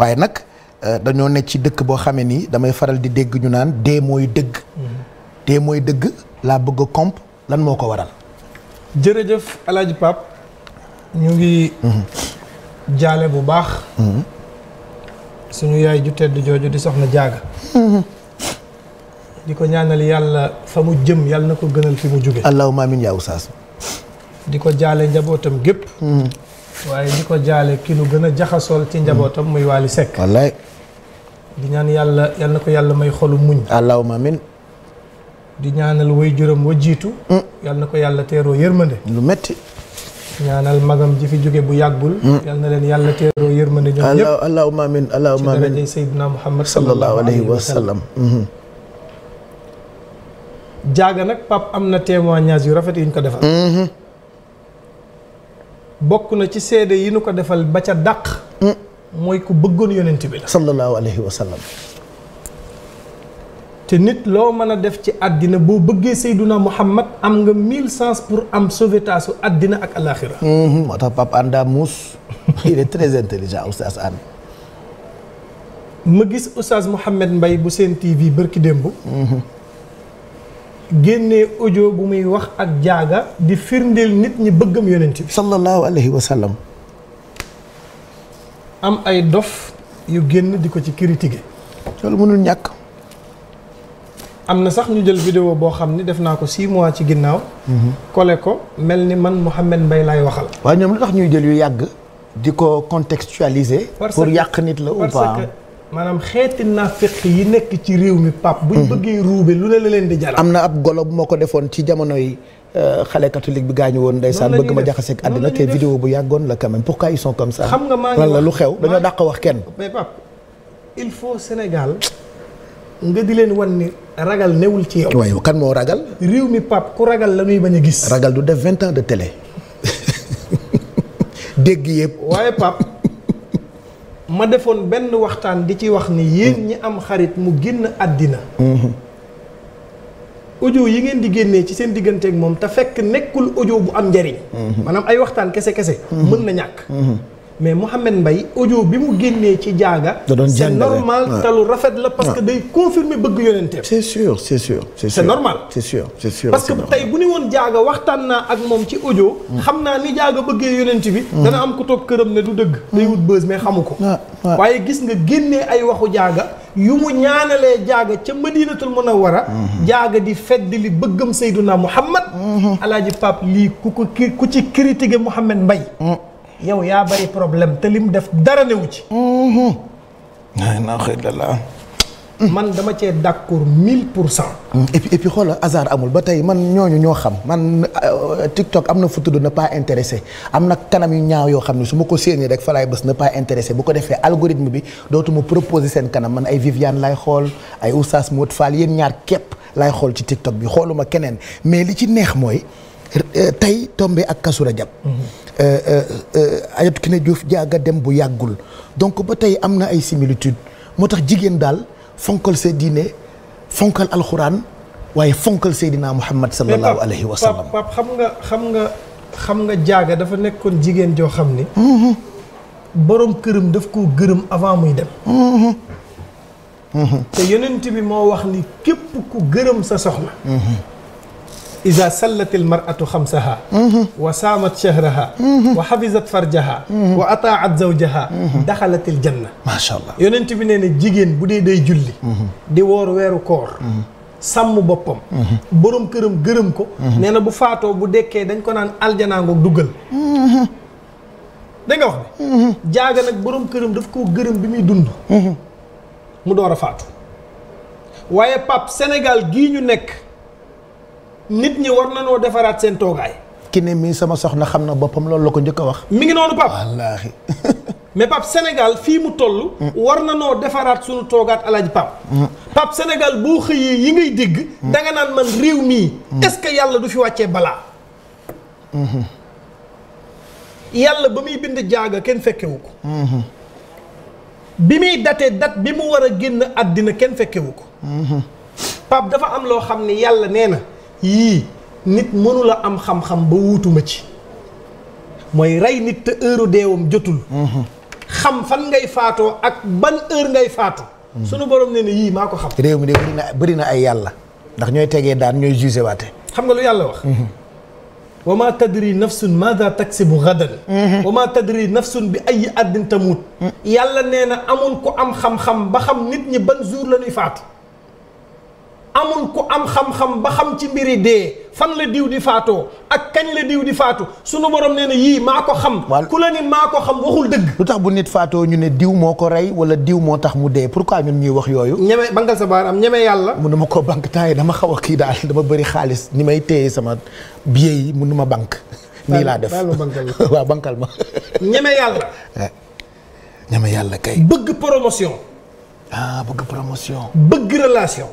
waaye nag euh, dañoo ne ci dëkk boo xamee nii damay faral di dégg ñu naan dee mooy dëgg. Mm-hmm. dee mooy dëgg laa bëgg komp comp lan moo ko waral. jërëjëf El Hadj ñu ngi. Mm-hmm. jaale bu baax. Mm-hmm. suñu yaay ju tedd jooju di soxna jaaga di ko ñaanal yàlla fa mu jëm yàlla na ko gënal fi mu jóge allahumma amin yaa oustaz di ko jaale njabootam gépp waaye di ko jaale ki nu gën a jaxasool ci njabootam muy Waly sekk wallaay. di ñaan yàlla yal ko yàlla may xolu muñ. allahumma amin. di ñaanal way juróom wa jiitu. Mm. yal na ko yàlla teeroo yërmande. lu metti ñaanal magam ji fi jóge bu yàggul. Mm. yal yàlla teeroo yërmande ñoom ñëpp. allahumma amin allahumma amin ci darajay Seydina Muhammad sallallahu alayhi wa sallam. Mm-hmm. jaaga nag pap am na témoignage yu rafet yuñ ko defal. Mm-hmm. bokk na ci seede yi nu ko defal ba ca dàq mm. mooy ku bëggoon yonent bi la sallallahu alayhi wa sallam te nit loo mën a def ci àddina boo bëggee Seyduna Muhammad am nga mille sens pour am sauvetaasu àddina ak alaaxira mm-hmm. moo tax Pape Anda Mouss il est ma gis oustaz Mouhamed mbay bu seen TV bërki démb mm-hmm. génne audio bu muy wax ak jaaga di firndeel nit ñi bëggam yonent bi sallallahu alayhi wa am ay dof yu génn di ko ci critiquer loolu mënul ñàkk am na sax ñu jël vidéo boo xam ni def naa ko six mois ci ginnaaw kole mhm. ko mel ni man Mouhamed mbay laay waxal waa ñoom lu tax ñuy jël yu yàgg di ko contextualiser pour yàq nit la ou maanaam xeeti naafeq yi nekk ci réew mi pap buñ mhm. bëggee ruube lu ne la leen di jaral. am na ab golo bu ma ko defoon ci jamono yi euh, xale catholique bi gaañu woon ndeysaan bëgg ma jaxaseeg àddina te vidéo bu yàggoon la quand même pourquoi ils sont comme ça. xam nga maa ngi la lu xew dañoo dàq wax kenn. mais pap il faut Sénégal nga di leen wan ni ragal newul ci yow. waaye kan moo ragal. réew mi pap ku ragal la ñuy bañ a gis. ragal du def vingt ans de télé dégg yëpp ma defoon benn waxtaan di ci wax ni yéen ñi am xarit mu génn àddina audio yi ngeen di génnee ci seen digganteeg moom te fekk nekkul audio bu am njariñ mhm. maanaam ay waxtaan kese kese mhm. mën na ñàkk mhm. mais Mouhamed mbay audio bi mu génnee ci jaaga. da doon jàngale c'est normal talu rafet la parce que day confirmer bëgg yonenteem. c'est sûr c'est sûr c'est normal. c'est sûr c'est parce que tey bu ni woon jaaga waxtaan naa ak moom ci audio. Mm. xam naa ni jaaga bëggee yonent bi. Mm. dana am ku toog këram ne du dëgg. Mm. day wut bës mais xamu ko. waaye gis nga génnee ay waxu jaaga. yu mu ñaanalee jaaga ca madinatul munawwara mm-hmm. jaaga di fedd li bëggam Seyduna Muhammad mm-hmm. alaaji Pape lii ku ko ku ci critiquer Mouhamed Mbaye yow yaa bari problème te mu def dara newu ci. naa xëy na man dama cee d'accord mille pour cent. Mm, et xool a puis xoolal amul ba tey man ñooñu ñoo xam man euh, TikTok am na fu tudd ne pas intéressé am na kanam yu ñaaw yoo xam ne su ma ko séenee rek falaay laay na pas intéressé bu ko defee algorithme bi dootuma proposer seen kanam man ay Viviane lay xool ay Oustaz Modou Fall yéen ñaar képp lay xool ci TikTok bi xooluma keneen mais li ci neex mooy. tey tombé ak Kazu Rajab mhm. euh, euh, euh, Aïssatou Kiné Diouf jaaga dem bu yàggul donc ba tey am na ay similitude moo tax jigéen daal fonkal sa diine fonkal alxuraan waaye fonkal Seydina Muhammad sallallahu alayhi wa sallam pap xam nga xam nga xam nga jaaga dafa nekkoon jigéen joo xam ni mhm. boroom këram daf koo gërëm avant muy dem mhm. te yonent bi moo wax ni képp ku gërëm sa soxna isa sallatil mar'atu xamsaha wa saamat shahraha wa xafisat farjaha wa ataat zawjaha daxalatil janna yonent bi nee jigéen bu dee day julli di woor weeru koor sàmm boppam borom këram gërëm ko nee na bu faatoo bu dekkee dañ ko naan aljanaangoog duggal da wax ne jaaga nag borom këram daf koo gërëm bi muy dund mu door a faatu waaye Pape Sénégal gii ñu nekk nit ñi war na noo defaraat seen toogaay. ki ne mii sama soxna xam na boppam loolu la ko njëkk a wax. mi ngi noonu Pape wallaahi. mais Pape senegal fii mu toll. Mm. war na noo defaraat suñu toogaat alaaj Pape. Mm. Pape senegal boo xëyee yi ngay dégg. Mm. da nga naan man réew mii. est-ce que yàlla du fi wàcce balaa. Mm-hmm. yàlla ba muy bind jaaga kenn fekkewu ko. Mm-hmm. bi muy datee dat bi mu war a génn àddina kenn fekkewu ko. Mm-hmm. Pape dafa am loo xam ne yàlla nee na. yii nit mënula am xam-xam ba wuutuma ci mooy rey nit te heure deewam jotul mhm. xam fan ngay faatoo ak ban heure ngay faatu mhm. sunu borom ne ne yii maa ko xam réew mi de bëri na bëri na ay yàlla ndax ñooy tegee daan ñooy jugé waate xam nga lu yàlla wax mhm. wa ma tadri nafsun maada taksibu gadan wa ma tadri nafsun bi ay addin tamut yàlla nee na amul ku am xam-xam ba xam nit ñi ban jour la ñuy faatu amul ku am xam-xam ba xam ci mbiri dee fan la diw di faatoo ak kañ la diw di faatu sunu borom nee na yii maa ko xam. ku la nit maa ko xam waxul dëgg. lu tax bu nit faatoo ñu ne diw moo ko rey wala diw moo tax mu dee pour pourquoi ñun ñuy wax yooyu. ñeme bangal sa baaraam ñeme yàlla. mun ma koo banque temps yi dama xaw kii daal dama bëri xaalis ni may téye sama billet yi mënuma banque. nii laa def waaw bankal ma. ñeme yàlla. Eh, ñeme yàlla kay. bëgg promotion. Ah, bëgg promotion. bëgg relation.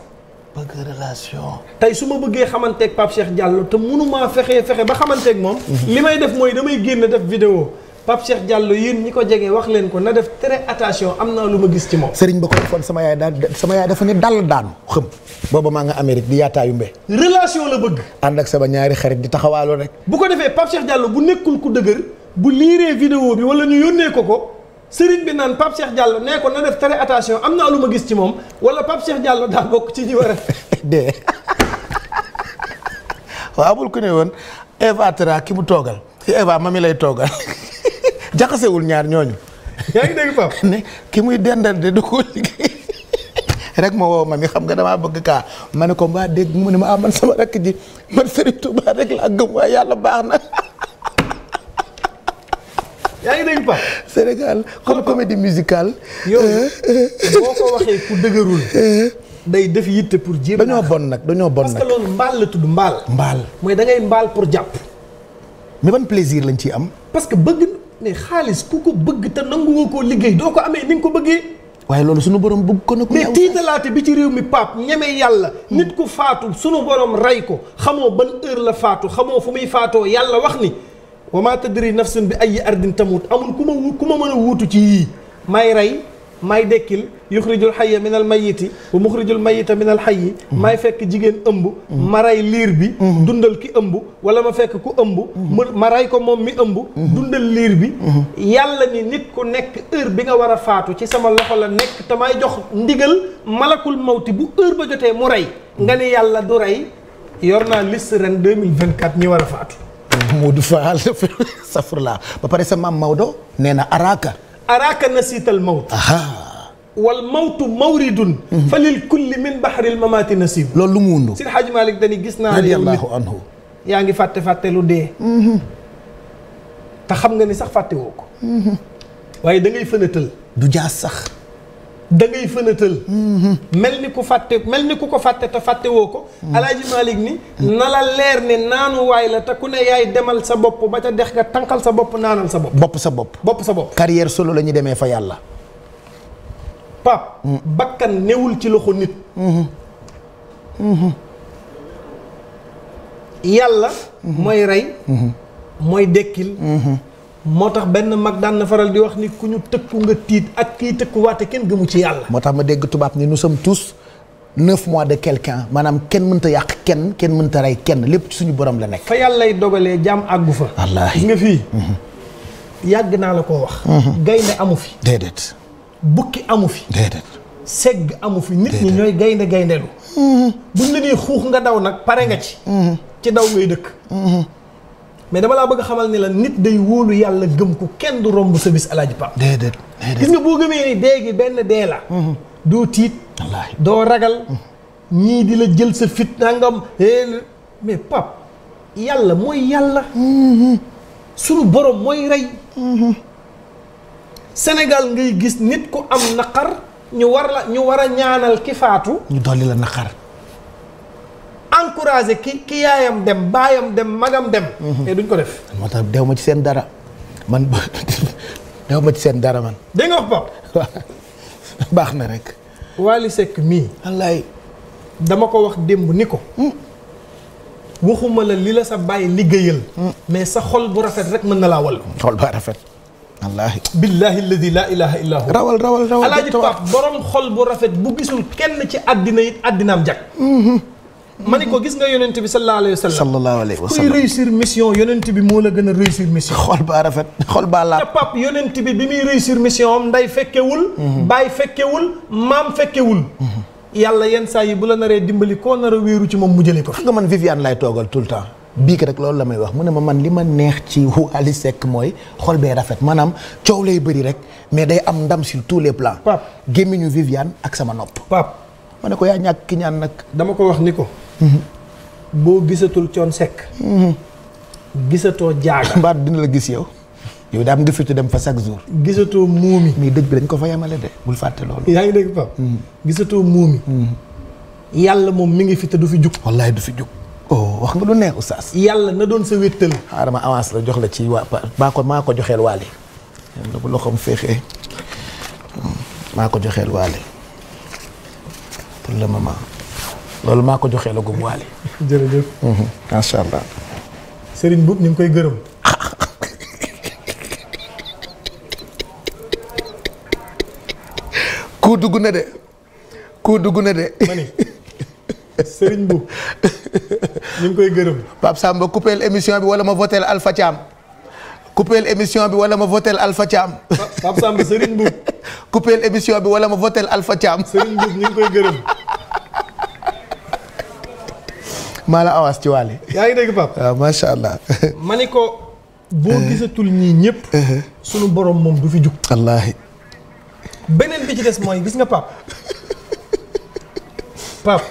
bëgg relation. tey su ma bëggee xamanteeg Pape Cheikh Diallo te mënumaa fexe fexe ba xamanteeg moom. Mhm. li may def mooy damay génn def vidéo Pape jàll Diallo yéen ñi ko jege wax leen ko na def tere attention am naa lu ma gis ci moom. Sëriñ ba ko defoon sama yaay daan sama yaay dafa ne dal daanu xëm. booba maa nga Amérique di yaataayu mbe. relation la bëgg. ànd ak sama ñaari xarit di taxawaaloo rek. bu ko defee Pape Cheikh bu nekkul ku dëgër bu liiree vidéo bi wala ñu yónnee ko ko. sëriñ bi naan Pape Cheikh Diallo nee ko na def très attention am naa lu ma gis ci moom wala Pape Cheikh Diallo daa bokk ci ñi war a dee waaw amul ku ne woon Eva Tra ki mu toogal si Eva mami lay toogal jaxasewul ñaar ñooñu. yaa ki muy dendal de du ko liggéey rek ma woo ma mi xam nga damaa bëgg kaa ma ne ko mbaa dégg mu ne ma ah man sama rakk ji man Serigne Touba rek laa gëm waaye yàlla baax na. yaa ngi dégg Pape. Sénégal comme comédie musicale. yow euh, euh. boo ko waxee ku dëgërul. Euh. day def yitte pour jéem dañoo bon nag dañoo bon nag parce mbaal la tudd mbaal. mbaal mooy da ngay mbaal pour jàpp. mais ban plaisir lañ ci am. parce que bëgg ne xaalis ku ko bëgg te nanguwoo koo liggéey doo ko amee ni nga ko bëggee. waaye loolu sunu borom bugg ko nag ko. mais bi ci réew mi Pape ñeme yàlla. nit ku faatu sunu borom rey ko xamoo ban heure la faatu xamoo fu muy faatoo yàlla wax ni. wa maa tadri nafsun bi ay ardin tamut amul ku ma ku ma mën a wuutu ci yii may rey may dekkil yuxrijul xayya min al mayiti wa muxrijul mayita min al xayyi mhm. may fekk jigéen ëmb mhm. ma rey liir bi mhm. dundal ki ëmb wala ma fekk ku ëmb ma rey ko moom mi ëmb dundal liir bi yàlla ni nit ku nekk heure bi nga war a faatu ci sama loxo la nekk te may jox ndigal malakul mawti bu heure ba jotee mu rey nga ni yàlla du rey yor naa liste ren 2024 ñi war a faatu Modou Fall safurla ba pare sa maam Maodo nee na araaka araaka nasiital mawt wal mawtu mawridun mhm. fa lil kulli min bahril mamaati nasib loolu lu mu wundu Seydi Hadji Malick dañi gis naa radiyallahu anhu yaa ngi fàtte fàtte lu dee mhm. te xam nga ni sax fàtte woo ko mhm. waaye da ngay fënatal du jaas sax da ngay fënatal mel ni ku fàtte mel ni ku ko fàtte te fàttewoo ko alaaji Malick ni na la leer ne naanu waay la te ku ne yaay demal sa bopp ba ca dex nga tànqal sa bopp naanal sa bopp bopp sa bopp bopp sa bopp carrière solo la ñu demee fa yàlla pap bakkan newul ci loxo nit yàlla mooy rey mooy dekkil moo tax benn mag daan na faral di wax ni ku ñu tëkku nga tiit ak kii waate kenn gëmu ci yàlla. moo tax ma dégg tubaab ni nu sam tous neuf mois de quelqu'un maanaam kenn mënta yàq kenn kenn mënta rey kenn lépp suñu borom la nekk. fa yàlla lay dogalee jaam àggu fa. wallaahi gis nga fii. Mhm. yàgg naa la koo wax. Mhm. gaynde amu fi. déedéet. bukki amu fi. déedéet. segg amu fi nit ñi ñooy gaynde gayndelu mhm. buñ la nee xuux nga daw nag pare nga ci. ci daw ngay dëkk. mais dama laa bëgg xamal ni la nit day wóolu yàlla gëm ko kenn du romb sa bis alaaji Pape. déedéet gis nga boo gëmee ni dee gi benn dee la. Mhm. doo tiit. wallaahi doo ragal. Mhm. ñii di la jël sa fit nangam. Eh, mais Pape yàlla mooy yàlla. Mhm. sunu borom mooy rey. Sénégal ngay gis nit ku am naqar ñu war ñu war a ñaanal ki faatu. ñu dolli la naqar. encouragé ki ki yaayam dem baayam dem magam dem. Mhm. te duñ ko def. moo tax dew ma ci seen dara man dew ma ci seen dara man. dégg nga wax Pape. baax na rek. Wally Seck mii. wallaay dama ko wax démb ni ko. Hmm. waxuma la li la sa bàyyi liggéeyal. Hmm. mais sa xol bu rafet rek mën na laa walla xol ba rafet. wallaahi. billaahi alladi laa ilaaha illaa hu. borom xol bu rafet bu gisul kenn ci àddina it àddinaam jag. Hmm, ma ni ko gis nga yonent bi sallallahu alayhi wa sallam. sallallahu alayhi wa sallam kuy réussir mission yonent bi moo la gën a réussir mission. xol baa rafet xol baa laat. te pap yonent bi bi muy réussir mission am nday fekkewul. baay fekkewul maam fekkewul. yàlla yenn saa yi bu la naree dimbali koo nar a wéeru ci moom mu jëlee ko. xam nga man Viviane lay toogal tout le temps. biik rek loolu la may wax mu ne ma man li ma neex ci Wally Seck mooy xol bee rafet maanaam coow lay bëri rek mais day am ndam sur tous les plans. Pape gémmiñu Viviane ak sama nopp. Pape ma ko yaa ñàkk ki ñaan nag. dama ko wax ni ko. Mm-hmm. boo gisatul coon sekk. Mm-hmm. gisatoo jaaga. mbaat dina la gis yow. yow daam nga fitu dem fa chaque jour. gisatoo muumi. mais dëj bi dañ ko fa yemale de bul fàtte loolu. yaa ngi dégg Pape. Mm-hmm. gisatoo muumi. yàlla moom mi ngi fi te du fi jug. wallaay du fi jug. oh wax nga lu neex oustaz. yàlla na doon sa wéttal. xaaral ma avance la jox la ci waa maa ko maa ko joxeel waale. yàlla bu loxoom féexee mm, maa ko joxeel waale pour le moment. loolu maa ko joxee la gum waale. jërëjëf. Mhm, macha allah. Serigne Boub ñu ngi koy gërëm. ku dugg na de dugg na de. ñu ngi koy gërëm. Pape Samba coupeel émission bi wala ma votel Alpha Thiam. coupeel émission bi wala ma votel Alpha Thiam. Pape Samba Serigne Boub. coupeel émission bi wala ma votel Alpha Thiam. Serigne Boub ñu ngi koy gërëm. maa la avance ci waale. yaa ngi dégg Pape. waaw macha allah. ma ni ko. boo gisatul ñii ñëpp. Uh-huh. Uh-huh. sunu borom moom du fi jug. wallaahi. beneen bi ci des mooy gis nga Pape. Pape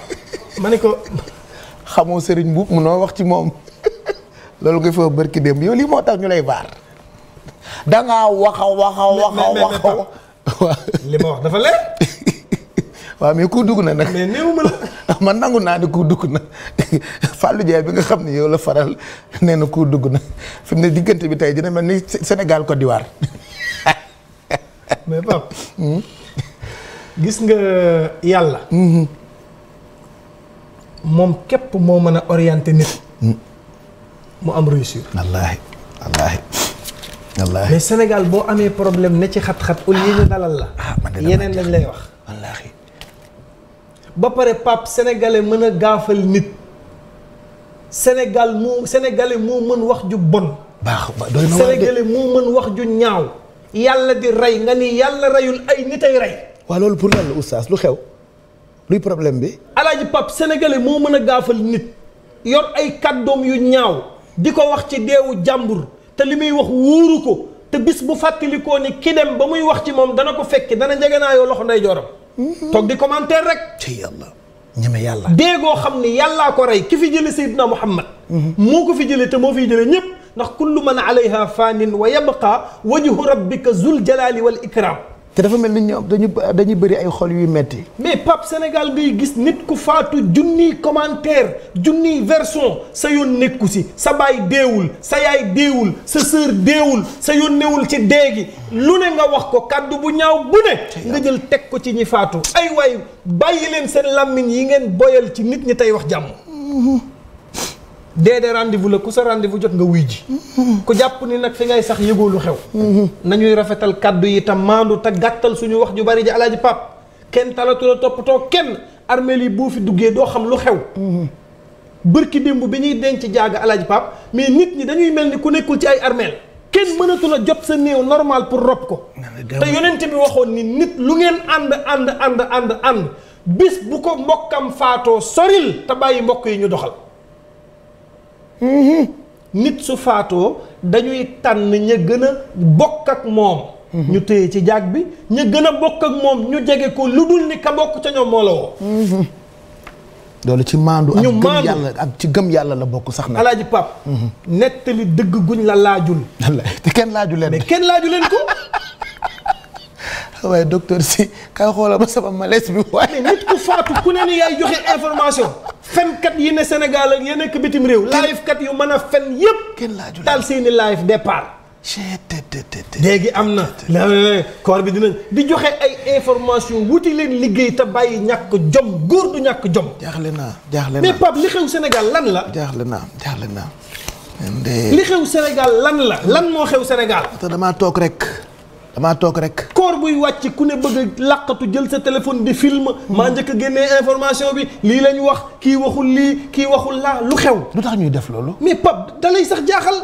ma ni ko. xamoo Serigne Mboup wax ci moom loolu nga fa barki démb yow lii moo tax ñu lay baar da ngaa wax a wax a wax dugg na nag. ndax man nangu naa ni ku dugg na Fallou bi nga xam ne yow la faral nee na ku dugg na fi mu ne diggante bi tey dina mel ni Sénégal Côte d'Ivoire. mais Pape. Hmm? gis nga yàlla. Hmm. moom képp moo mën a orienté nit. Hmm. mu am réussir. wallaahi wallaahi. wallaahi mais Sénégal boo amee problème ne ci xat-xat. au lieu ah, yeneen lañ lay wax. wallaahi. ba pare Pape sénégalais mën a gaafal nit Sénégal moo sénégalais moo mën wax ju bon. baax doy moo mën wax ju ñaaw. yàlla di rey nga ni yàlla reyul ay nit ay rey. waaw loolu pour lan la oustaz lu xew luy problème bi. alaaji Pape sénégalais moo mën a gaafal nit yor ay kàddoom yu ñaaw di ko wax ci deewu jàmbur te li muy wax wóoru ko te bis bu fàttalikoo ni ki dem ba muy wax ci moom dana ko fekki dana njëgënaayoo loxo ndeyjooram. toog di commentaire rek. ci yàlla ñeme yàlla. déegoo xam ni yàllaa ko rey ki fi jëlee Seydina Muhammad. moo ko fi jëlee te moo fiy jëlee ñëpp. ndax kullu man alayha fanin wa yabqa wajhu rabbika zul jalali wal ikram te dafa mel ni ñoom dañu dañuy bëri ay xol yuy metti mais Pape Sénégal ngay gis nit ku faatu junni commentaire junni version sa yoon nekku si sa baay deewul sa yaay deewul sa sœur deewul sa yoon ci dee gi lu ne nga wax ko kàddu bu ñaaw bu ne nga jël teg ko ci ñi faatu ay waay bàyyi leen seen làmmiñ yi ngeen boyal ci nit ñi tey wax jàmm mm-hmm. déedéet rendez-vous la ku sa rendez jot nga wuy ji. ku jàpp ni nag fi ngay sax yëgoo lu xew. nañuy rafetal kàddu yi tam maandu te gàttal suñu wax ju bari ji alaaji pap kenn talatu la toppatoo kenn armeel yi boo fi duggee doo xam lu xew. bërki démb bi ñuy denc jaaga alaaji pap mais nit ñi dañuy mel ni ku nekkul ci ay armeel kenn mënatu la jot sa néew normal pour rob ko. te yonent bi waxoon ni nit lu ngeen ànd ànd ànd ànd ànd bis bu ko mbokkam faatoo soril te bàyyi mbokk yi ñu doxal. Mhm. nit su faatoo dañuy tànn ña gën a bokk ak moom. Mhm. ñu téye ci jaag bi ña gën a bokk ak moom ñu jege ko lu dul ni ka bokk ca ñoom moo la woo. Mhm. loolu ci maandu ak gëm yàlla ci gëm yàlla la bokk sax na alaaji pap nettali dëgg guñ la laajul te kenn laaju leen kenn laaju leen ko waaye docteur si kay xoolal ma sama malaise bi waaye nit ku faatu ku ne ni yaay joxe information fenkat yi ne Sénégal ak ya nekk bitim réew. live kat yu mën a fen yëpp. kenn laaju taal seeni live départ. léegi am na. koor bi dinañ di joxe ay information wuti leen liggéey te bàyyi ñàkk jom góor du ñàkk jom. jaaxle naa jaaxle naa mais Pape li xew Sénégal lan la. jaaxle naa jaaxle naa. li xew Sénégal lan la lan moo xew Sénégal. te damaa toog rek. damaa toog rek. koor buy wàcc ku ne bëgg a làqatu jël sa téléphone di film. maa njëkk a génnee information bi lii lañuy wax kii waxul lii kii waxul laa lu xew. lu tax ñuy def loolu. mais Pape dalay sax jaaxal.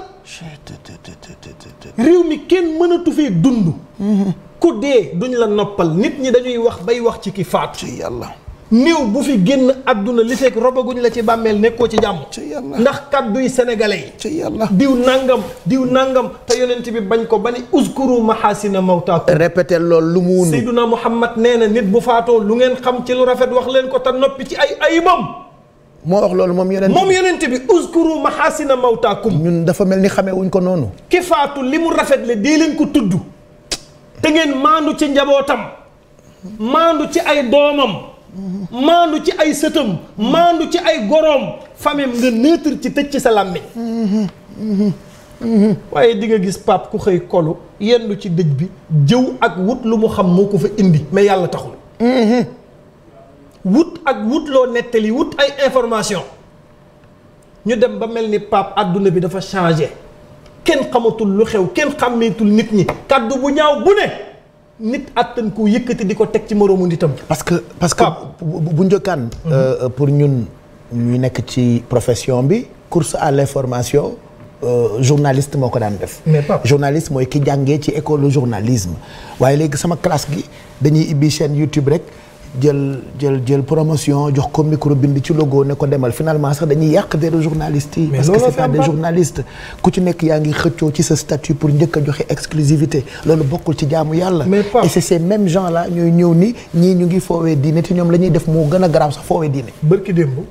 réew mi kenn mënatu fee dund. Mm-hmm. ku dee duñ la noppal nit ñi dañuy wax bay wax ci ki faatu. yàlla. néew bu fi génn àdduna li fekk robaguñ la ci bàmmeel nekkoo ci jàmm. ndax kàdduy sénégalais yi. diw nangam diw nangam te yonent bi bañ ko ba ni uskuru mahasina mawtaakum. répété lool lu mu wunu. Seydina Muhammad nee na nit bu faatoo lu ngeen xam ci lu rafet wax leen ko te noppi ci ay ayibam. moo wax loolu moom yonent bi moom yonent bi uskuru mahasina mawtaakum ñun dafa mel ni xamee ko noonu. ki faatu li mu rafet le dee leen ko tudd. te ngeen maandu ci njabootam. maandu ci ay doomam. maandu ci ay sëtam maandu ci ay gorom famem nga neutre ci tëj ci sa làmmiñ waaye di nga gis pap ku xëy kolu yendu ci dëj bi jëw ak wut lu mu xam moo ko fa indi mais yàlla taxul wut ak wut loo nettali wut ay information ñu dem ba mel ni pap àdduna bi dafa changé kenn xamatul lu xew kenn xàmmeetul nit ñi kàddu bu ñaaw bu ne nit àttan koo yëkkati di ko teg ci moroomu nitam. parce que parce que bu njëkkaan. Mhm. Euh, pour ñun ñu nekk ci profession bi. course à l'information euh, journaliste moo ko daan def. journaliste mooy ki jàngee ci école journalisme waaye léegi sama classe gi dañuy ibbi chaîne YouTube rek. jël jël jël promotion jox ko micro bind ci logo ne ko demal finalement sax dañuy yàq deru journalistes yi parce que c'est pas des journalistes ku ci nekk yaa ngi xëccoo ci sa statut pour njëkk a joxe exclusivité loolu bokkul ci jaamu yàlla et c'est ces mêmes la là ñooy ñëw nii ñii ñu ngi foowee diine te ñoom la ñuy def moo gën a garaaw sax foowee diine bërki démb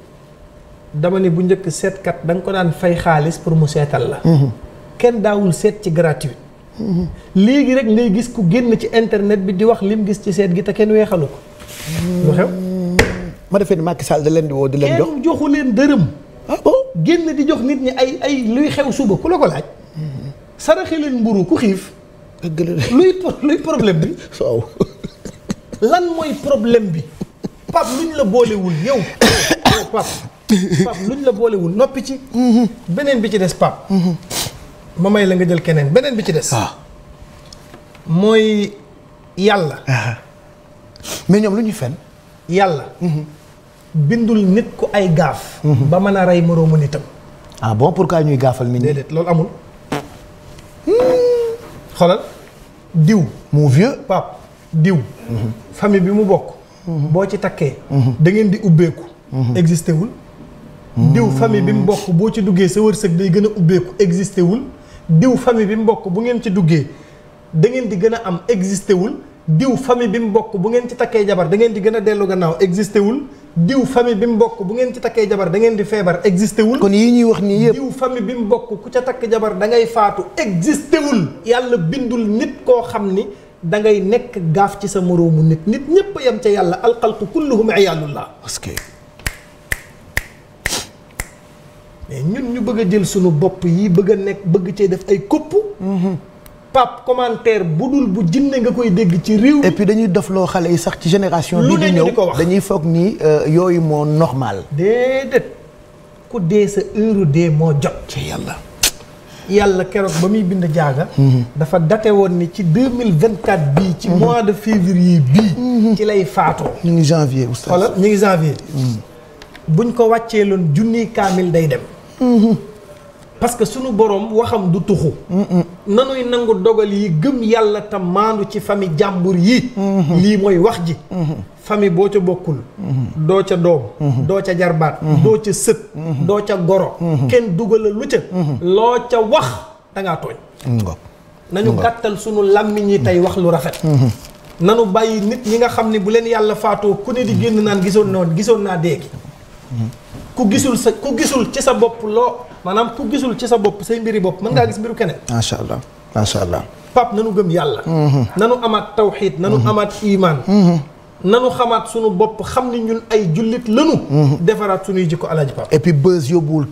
dama ne bu njëkk seetkat da nga ko daan fay xaalis pour mu seetal la mhm. kenn daawul seet ci gratuit mhm. léegi rek ngay gis ku génn ci internet bi di wax lim gis ci seet gi te kenn weexalu ko lu xew. ma defee ni Macky Sall da leen di woo di leen jox leen dërëm. Ah génn di jox nit ñi ay ay luy xew suba ku la ko laaj. saraxe leen mburu ku xiif. luy luy problème bi. soow lan mooy problème bi. Pape luñ la boolewul yow. Pape Pape luñ la boolewul noppi ci. beneen bi ci des Pape. ma may la nga jël keneen beneen bi ci des. Ah. mooy yàlla. Ah. mais ñoom lu ñu fen yàlla. Mhm. bindul nit ku ay gaaf. Mhm. ba mën a rey moroomu nitam. ah bon pourquoi ñuy gaafal nit loolu amul. Hmm. xoolal diw. mon vieux pape diw. Mhm. famille bi mu bokk. boo ci takkee. da ngeen di ubbeeku. existé wul. diw famille bi mu bokk boo ci duggee sa wërsëg day gën a ubbeeku existé wul. diw fami bi mu bokk bu ngeen ci duggee da ngeen di gën a am existé wul. diw famille bi mu bokk bu ngeen ci takkee jabar da ngeen di gën a dellu gannaaw existé wul diw famille bi mu bokk bu ngeen ci takkee jabar da ngeen di feebar existé wul. kon yii ñuy wax nii yëpp diw famille bi mu bokk ku ca takk jabar da ngay faatu existé wul. yàlla bindul nit koo xam ni da ngay nekk gaaf ci sa moroomu nit nit ñépp yam ca yàlla alxalqu kulluhum iyaalullah. parce que mais ñun ñu bëgg a jël sunu bopp yi bëgg a nekk bëgg cee def ay kopp. Mhm. pap commentaire bu dul bu jinne nga koy dégg ci réew. et dañuy def loo xale yi sax ci génération. bi di ñëw dañuy foog nii euh, yooyu moo normal. déedéet ku dee sa heure de moo jot. ci yàlla. yàlla keroog ba muy bind jaaga. Mhm. dafa date woon ni ci deux mille vingt quatre bii. ci mhm. mois de février bii. Mhm. ci lay faatoo. ñu ngi janvier oustaz. wala ñu ngi janvier. buñ ko wàccee loon junni kaamil day dem. parce que sunu borom waxam du tuxu. nanuy nangu dogal yi gëm yàlla te maandu ci famille jàmbur yi. Mm-hmm. lii mooy wax ji. Mm-hmm. famille boo ca bokkul. Mm-hmm. doo ca doom. doo ca jarbaat. doo ca sët. doo ca goro. kenn dugala lu ca. loo ca wax da ngaa tooñ. nañu gàttal sunu làmmiñ yi tey wax lu rafet. nanu bàyyi nit ñi nga xam ne bu leen yàlla faatoo ku ne di génn naan gisoon noon gisoon naa dee ku gisul sa ku gisul ci sa bopp loo. maanaam ku gisul ci sa bopp say mbiri bopp mën ngaa gis mbiru keneen. macha allah macha allah. pap nanu gëm yàlla. Mhm. nanu amaat tawxiid nanu mhm. amaat imaan. Mhm. nanu xamaat sunu bopp xam ni ñun ay jullit lanu. defaraat sunuy jikko alaaji pap et puis yóbbuwul kenn